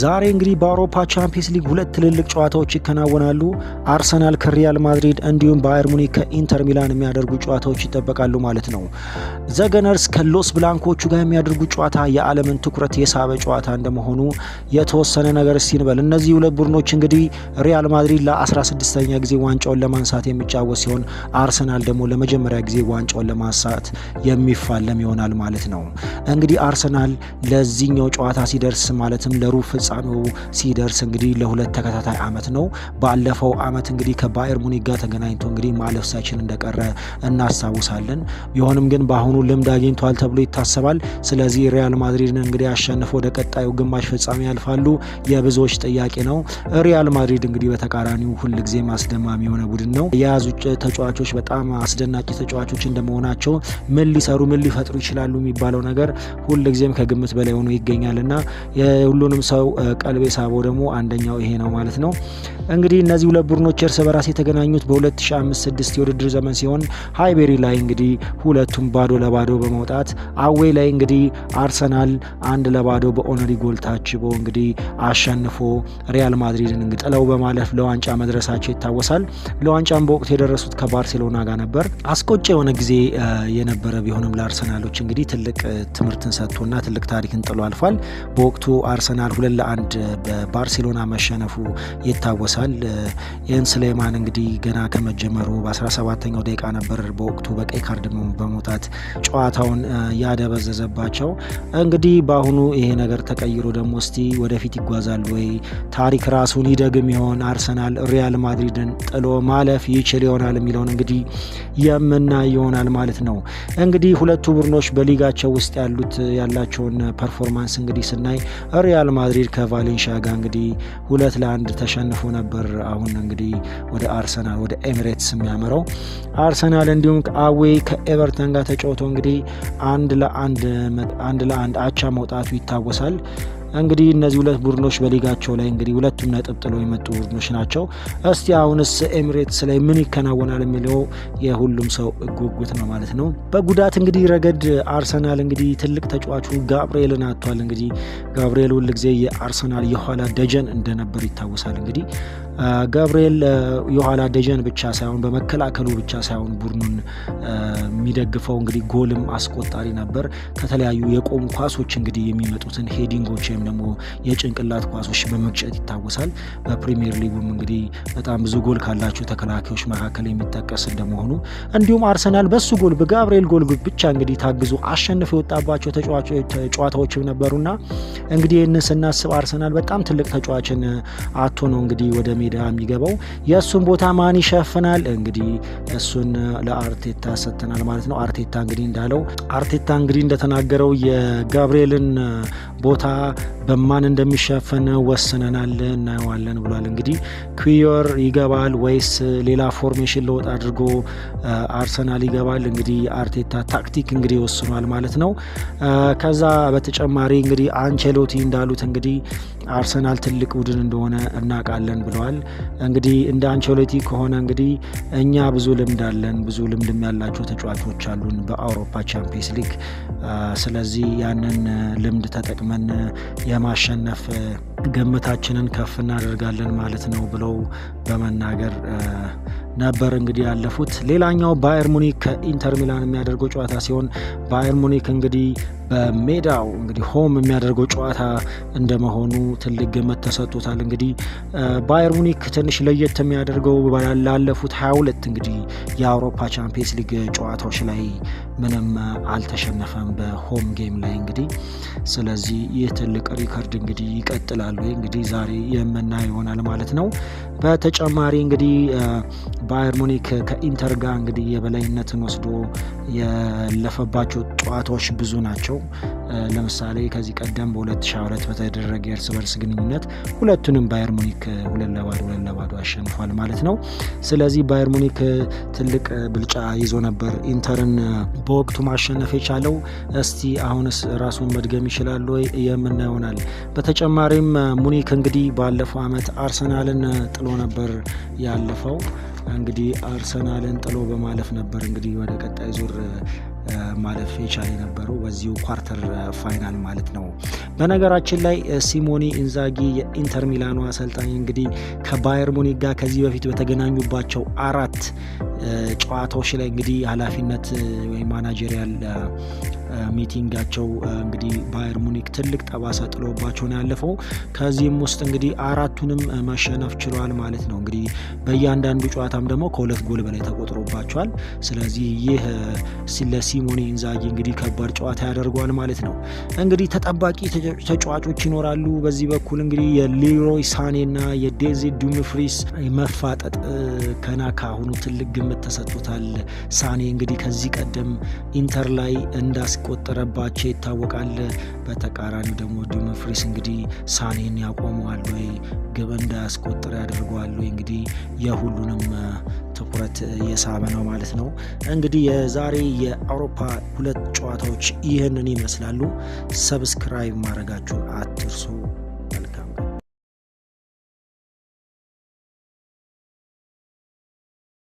ዛሬ እንግዲህ በአውሮፓ ቻምፒየንስ ሊግ ሁለት ትልልቅ ጨዋታዎች ይከናወናሉ። አርሰናል ከሪያል ማድሪድ እንዲሁም ባየር ሙኒክ ከኢንተር ሚላን የሚያደርጉ ጨዋታዎች ይጠበቃሉ ማለት ነው። ዘገነርስ ከሎስ ብላንኮቹ ጋር የሚያደርጉ ጨዋታ የዓለምን ትኩረት የሳበ ጨዋታ እንደመሆኑ የተወሰነ ነገር ሲንበል እነዚህ ሁለት ቡድኖች እንግዲህ ሪያል ማድሪድ ለ16ኛ ጊዜ ዋንጫውን ለማንሳት የሚጫወት ሲሆን፣ አርሰናል ደግሞ ለመጀመሪያ ጊዜ ዋንጫውን ለማንሳት የሚፋለም ይሆናል ማለት ነው። እንግዲህ አርሰናል ለዚህኛው ጨዋታ ሲደርስ ማለትም ለሩፍ ፍጻሜው ሲደርስ እንግዲህ ለሁለት ተከታታይ አመት ነው። ባለፈው አመት እንግዲህ ከባየር ሙኒክ ጋር ተገናኝቶ እንግዲህ ማለፍ ሳይችል እንደቀረ እናስታውሳለን። ቢሆንም ግን በአሁኑ ልምድ አግኝቷል ተብሎ ይታሰባል። ስለዚህ ሪያል ማድሪድን እንግዲህ አሸንፎ ወደ ቀጣዩ ግማሽ ፍጻሜ ያልፋሉ የብዙዎች ጥያቄ ነው። ሪያል ማድሪድ እንግዲህ በተቃራኒው ሁልጊዜም አስደማሚ የሆነ ቡድን ነው። የያዙ ተጫዋቾች በጣም አስደናቂ ተጫዋቾች እንደመሆናቸው ምን ሊሰሩ ምን ሊፈጥሩ ይችላሉ የሚባለው ነገር ሁልጊዜም ከግምት በላይ ሆኖ ይገኛልና የሁሉንም ሰው የነበረው ቀልቤ ሳቦ ደግሞ አንደኛው ይሄ ነው ማለት ነው። እንግዲህ እነዚህ ሁለት ቡድኖች እርስ በራስ የተገናኙት በ2005/6 የውድድር ዘመን ሲሆን ሃይቤሪ ላይ እንግዲህ ሁለቱም ባዶ ለባዶ በመውጣት አዌ ላይ እንግዲህ አርሰናል አንድ ለባዶ በኦነሪ ጎል ታችቦ እንግዲህ አሸንፎ ሪያል ማድሪድን እንግዲህ ጥለው በማለፍ ለዋንጫ መድረሳቸው ይታወሳል። ለዋንጫም በወቅቱ የደረሱት ከባርሴሎና ጋር ነበር። አስቆጭ የሆነ ጊዜ የነበረ ቢሆንም ለአርሰናሎች እንግዲህ ትልቅ ትምህርትን ሰጥቶና ትልቅ ታሪክን ጥሎ አልፏል። በወቅቱ አርሰናል ሁለት ለአንድ በባርሴሎና መሸነፉ ይታወሳል። ይህን ስሌማን እንግዲህ ገና ከመጀመሩ በ17ኛው ደቂቃ ነበር በወቅቱ በቀይ ካርድ በመውጣት ጨዋታውን ያደበዘዘባቸው። እንግዲህ በአሁኑ ይሄ ነገር ተቀይሮ ደግሞ እስቲ ወደፊት ይጓዛል ወይ ታሪክ ራሱን ይደግም ይሆን? አርሰናል ሪያል ማድሪድን ጥሎ ማለፍ ይችል ይሆናል የሚለውን እንግዲህ የምናይ ይሆናል ማለት ነው። እንግዲህ ሁለቱ ቡድኖች በሊጋቸው ውስጥ ያሉት ያላቸውን ፐርፎርማንስ እንግዲህ ስናይ ሪያል ማድሪድ ማድሪድ ከቫሌንሺያ ጋር እንግዲህ ሁለት ለአንድ ተሸንፎ ነበር። አሁን እንግዲህ ወደ አርሰናል ወደ ኤሚሬትስ የሚያመራው አርሰናል እንዲሁም አዌ ከኤቨርተን ጋር ተጫውቶ እንግዲህ አንድ ለአንድ አቻ መውጣቱ ይታወሳል። እንግዲህ እነዚህ ሁለት ቡድኖች በሊጋቸው ላይ እንግዲህ ሁለቱም ነጥብ ጥለው የመጡ ቡድኖች ናቸው። እስቲ አሁንስ ኤሚሬትስ ላይ ምን ይከናወናል የሚለው የሁሉም ሰው ጉጉት ነው ማለት ነው። በጉዳት እንግዲህ ረገድ አርሰናል እንግዲህ ትልቅ ተጫዋቹ ጋብርኤልን አጥቷል። እንግዲህ ጋብርኤል ሁልጊዜ የአርሰናል የኋላ ደጀን እንደነበር ይታወሳል። እንግዲህ ጋብርኤል የኋላ ደጀን ብቻ ሳይሆን በመከላከሉ ብቻ ሳይሆን ቡድኑን የሚደግፈው እንግዲህ ጎልም አስቆጣሪ ነበር። ከተለያዩ የቆሙ ኳሶች እንግዲህ የሚመጡትን ሄዲንጎች ወይም ደግሞ የጭንቅላት ኳሶች በመግጨት ይታወሳል። በፕሪሚየር ሊጉም እንግዲህ በጣም ብዙ ጎል ካላቸው ተከላካዮች መካከል የሚጠቀስ እንደመሆኑ እንዲሁም አርሰናል በሱ ጎል በጋብርኤል ጎል ብቻ እንግዲህ ታግዞ አሸንፎ የወጣባቸው ጨዋታዎችም ነበሩና እንግዲህ ይህንን ስናስብ አርሰናል በጣም ትልቅ ተጫዋችን አቶ ነው እንግዲህ ወደ ሜዳ የሚገባው የእሱን ቦታ ማን ይሸፍናል? እንግዲህ እሱን ለአርቴታ ሰጥተናል ማለት ነው። አርቴታ እንግዲህ እንዳለው አርቴታ እንግዲህ እንደተናገረው የጋብርኤልን ቦታ በማን እንደሚሸፈን ወስነናል፣ እናየዋለን ብሏል። እንግዲህ ኩዮር ይገባል ወይስ ሌላ ፎርሜሽን ለውጥ አድርጎ አርሰናል ይገባል? እንግዲህ አርቴታ ታክቲክ እንግዲህ ወስኗል ማለት ነው። ከዛ በተጨማሪ እንግዲህ አንቸሎቲ እንዳሉት እንግዲህ አርሰናል ትልቅ ቡድን እንደሆነ እናውቃለን ብለዋል። እንግዲህ እንደ አንቸሎቲ ከሆነ እንግዲህ እኛ ብዙ ልምድ አለን፣ ብዙ ልምድም ያላቸው ተጫዋቾች አሉን በአውሮፓ ቻምፒየንስ ሊግ። ስለዚህ ያንን ልምድ ተጠቅመ ዳግመን የማሸነፍ ግምታችንን ከፍ እናደርጋለን ማለት ነው ብለው በመናገር ነበር እንግዲህ ያለፉት። ሌላኛው ባየር ሙኒክ ከኢንተር ሚላን የሚያደርገው ጨዋታ ሲሆን ባየር ሙኒክ እንግዲህ በሜዳው እንግዲህ ሆም የሚያደርገው ጨዋታ እንደመሆኑ ትልቅ ግምት ተሰጥቶታል። እንግዲህ ባየር ሙኒክ ትንሽ ለየት የሚያደርገው ላለፉት 22 እንግዲህ የአውሮፓ ቻምፒየንስ ሊግ ጨዋታዎች ላይ ምንም አልተሸነፈም በሆም ጌም ላይ እንግዲህ ስለዚህ ይህ ትልቅ ሪከርድ እንግዲህ ይቀጥላሉ እንግዲህ ዛሬ የምናየው ይሆናል ማለት ነው። በተጨማሪ እንግዲህ ባየር ሙኒክ ከኢንተር ጋር እንግዲህ የበላይነትን ወስዶ ያለፈባቸው ጨዋታዎች ብዙ ናቸው። ለምሳሌ ከዚህ ቀደም በ2022 በተደረገ የእርስ በርስ ግንኙነት ሁለቱንም ባየር ሙኒክ ሁለት ለባዶ ሁለት ለባዶ አሸንፏል ማለት ነው። ስለዚህ ባየር ሙኒክ ትልቅ ብልጫ ይዞ ነበር ኢንተርን በወቅቱ ማሸነፍ የቻለው። እስቲ አሁንስ ራሱን መድገም ይችላል ወይ የምና ይሆናል። በተጨማሪም ሙኒክ እንግዲህ ባለፈው አመት አርሰናልን ጥሎ ነበር ያለፈው እንግዲህ አርሰናልን ጥሎ በማለፍ ነበር እንግዲህ ወደ ቀጣይ ዙር ማለፍ የቻለ የነበረው በዚሁ ኳርተር ፋይናል ማለት ነው። በነገራችን ላይ ሲሞኒ ኢንዛጊ የኢንተር ሚላኑ አሰልጣኝ እንግዲህ ከባየር ሙኒክ ጋር ከዚህ በፊት በተገናኙባቸው አራት ጨዋታዎች ላይ እንግዲህ ኃላፊነት ወይም ማናጀሪያል ሚቲንጋቸው እንግዲህ ባየር ሙኒክ ትልቅ ጠባሳ ጥሎባቸው ነው ያለፈው። ከዚህም ውስጥ እንግዲህ አራቱንም መሸነፍ ችሏል ማለት ነው። እንግዲህ በእያንዳንዱ ጨዋታም ደግሞ ከሁለት ጎል በላይ ተቆጥሮባቸዋል። ስለዚህ ይህ ሲለሲ ሲሞኔ ኢንዛጊ እንግዲህ ከባድ ጨዋታ ያደርጓል ማለት ነው። እንግዲህ ተጠባቂ ተጫዋቾች ይኖራሉ። በዚህ በኩል እንግዲህ የሊሮይ ሳኔና የዴዚ ዱምፍሪስ መፋጠጥ ከና ካሁኑ ትልቅ ግምት ተሰጥቶታል። ሳኔ እንግዲህ ከዚህ ቀደም ኢንተር ላይ እንዳስቆጠረባቸው ይታወቃል። በተቃራኒው ደግሞ ዱምፍሪስ እንግዲህ ሳኔን ያቆመዋል ወይ ግብ እንዳያስቆጥር ያደርገዋል ወይ እንግዲህ የሁሉንም ትኩረት እየሳበ ነው ማለት ነው። እንግዲህ የዛሬ የአውሮፓ ሁለት ጨዋታዎች ይህንን ይመስላሉ። ሰብስክራይብ ማድረጋችሁን አትርሱ።